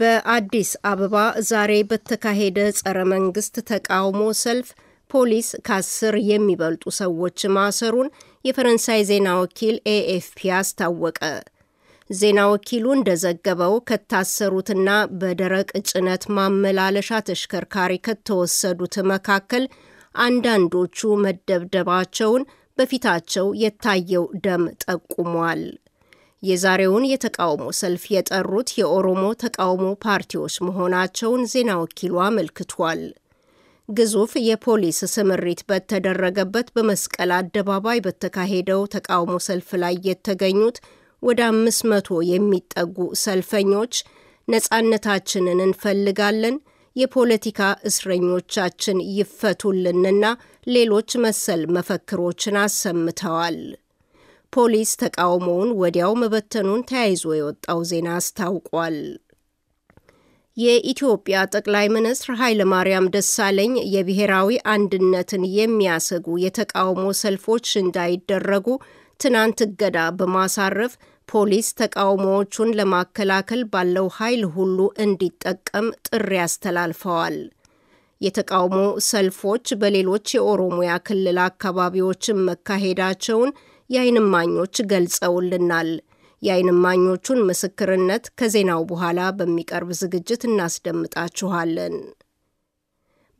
በአዲስ አበባ ዛሬ በተካሄደ ጸረ መንግስት ተቃውሞ ሰልፍ ፖሊስ ከአስር የሚበልጡ ሰዎች ማሰሩን የፈረንሳይ ዜና ወኪል ኤኤፍፒ አስታወቀ። ዜና ወኪሉ እንደዘገበው ከታሰሩትና በደረቅ ጭነት ማመላለሻ ተሽከርካሪ ከተወሰዱት መካከል አንዳንዶቹ መደብደባቸውን በፊታቸው የታየው ደም ጠቁሟል። የዛሬውን የተቃውሞ ሰልፍ የጠሩት የኦሮሞ ተቃውሞ ፓርቲዎች መሆናቸውን ዜና ወኪሉ አመልክቷል። ግዙፍ የፖሊስ ስምሪት በተደረገበት በመስቀል አደባባይ በተካሄደው ተቃውሞ ሰልፍ ላይ የተገኙት ወደ አምስት መቶ የሚጠጉ ሰልፈኞች ነጻነታችንን እንፈልጋለን፣ የፖለቲካ እስረኞቻችን ይፈቱልንና ሌሎች መሰል መፈክሮችን አሰምተዋል። ፖሊስ ተቃውሞውን ወዲያው መበተኑን ተያይዞ የወጣው ዜና አስታውቋል። የኢትዮጵያ ጠቅላይ ሚኒስትር ኃይለማርያም ደሳለኝ የብሔራዊ አንድነትን የሚያሰጉ የተቃውሞ ሰልፎች እንዳይደረጉ ትናንት እገዳ በማሳረፍ ፖሊስ ተቃውሞዎቹን ለማከላከል ባለው ኃይል ሁሉ እንዲጠቀም ጥሪ አስተላልፈዋል። የተቃውሞ ሰልፎች በሌሎች የኦሮሚያ ክልል አካባቢዎችን መካሄዳቸውን የአይንማኞች ገልጸውልናል። የአይንማኞቹን ምስክርነት ከዜናው በኋላ በሚቀርብ ዝግጅት እናስደምጣችኋለን።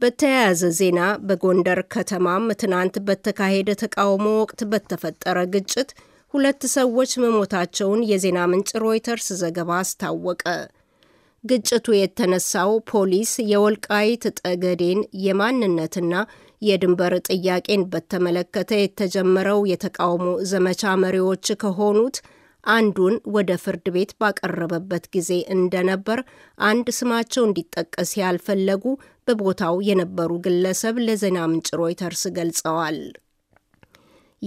በተያያዘ ዜና በጎንደር ከተማም ትናንት በተካሄደ ተቃውሞ ወቅት በተፈጠረ ግጭት ሁለት ሰዎች መሞታቸውን የዜና ምንጭ ሮይተርስ ዘገባ አስታወቀ። ግጭቱ የተነሳው ፖሊስ የወልቃይት ጠገዴን የማንነትና የድንበር ጥያቄን በተመለከተ የተጀመረው የተቃውሞ ዘመቻ መሪዎች ከሆኑት አንዱን ወደ ፍርድ ቤት ባቀረበበት ጊዜ እንደነበር አንድ ስማቸው እንዲጠቀስ ያልፈለጉ በቦታው የነበሩ ግለሰብ ለዜና ምንጭ ሮይተርስ ገልጸዋል።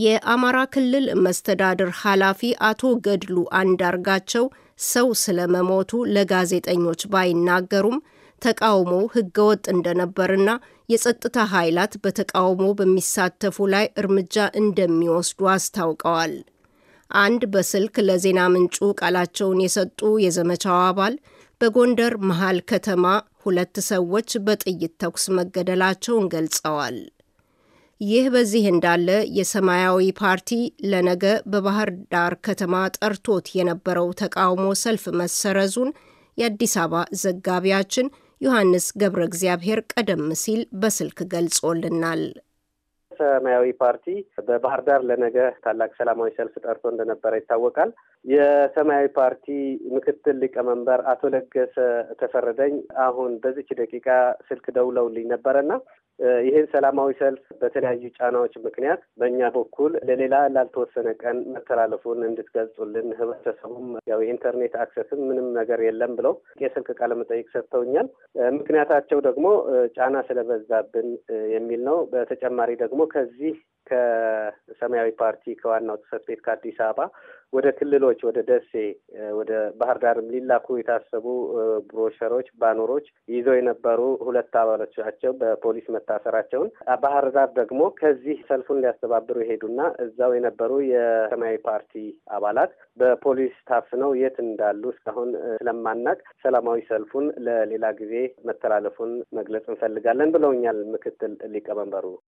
የአማራ ክልል መስተዳድር ኃላፊ አቶ ገድሉ አንዳርጋቸው ሰው ስለመሞቱ ለጋዜጠኞች ባይናገሩም ተቃውሞው ህገወጥ እንደነበርና የጸጥታ ኃይላት በተቃውሞ በሚሳተፉ ላይ እርምጃ እንደሚወስዱ አስታውቀዋል። አንድ በስልክ ለዜና ምንጩ ቃላቸውን የሰጡ የዘመቻው አባል በጎንደር መሃል ከተማ ሁለት ሰዎች በጥይት ተኩስ መገደላቸውን ገልጸዋል። ይህ በዚህ እንዳለ የሰማያዊ ፓርቲ ለነገ በባህር ዳር ከተማ ጠርቶት የነበረው ተቃውሞ ሰልፍ መሰረዙን የአዲስ አበባ ዘጋቢያችን ዮሐንስ ገብረ እግዚአብሔር ቀደም ሲል በስልክ ገልጾልናል። ሰማያዊ ፓርቲ በባህር ዳር ለነገ ታላቅ ሰላማዊ ሰልፍ ጠርቶ እንደነበረ ይታወቃል። የሰማያዊ ፓርቲ ምክትል ሊቀመንበር አቶ ለገሰ ተፈረደኝ አሁን በዚች ደቂቃ ስልክ ደውለውልኝ ነበረና ይህን ሰላማዊ ሰልፍ በተለያዩ ጫናዎች ምክንያት በእኛ በኩል ለሌላ ላልተወሰነ ቀን መተላለፉን እንድትገልጹልን፣ ህብረተሰቡም ያው የኢንተርኔት አክሰስም ምንም ነገር የለም ብለው የስልክ ቃለ መጠይቅ ሰጥተውኛል። ምክንያታቸው ደግሞ ጫና ስለበዛብን የሚል ነው። በተጨማሪ ደግሞ ከዚህ ሰማያዊ ፓርቲ ከዋናው ጽሕፈት ቤት ከአዲስ አበባ ወደ ክልሎች ወደ ደሴ፣ ወደ ባህር ዳርም ሊላኩ የታሰቡ ብሮሸሮች፣ ባኖሮች ይዘው የነበሩ ሁለት አባሎቻቸው በፖሊስ መታሰራቸውን ባህር ዳር ደግሞ ከዚህ ሰልፉን ሊያስተባብሩ የሄዱና እዛው የነበሩ የሰማያዊ ፓርቲ አባላት በፖሊስ ታፍነው የት እንዳሉ እስካሁን ስለማናቅ ሰላማዊ ሰልፉን ለሌላ ጊዜ መተላለፉን መግለጽ እንፈልጋለን ብለውኛል ምክትል ሊቀመንበሩ።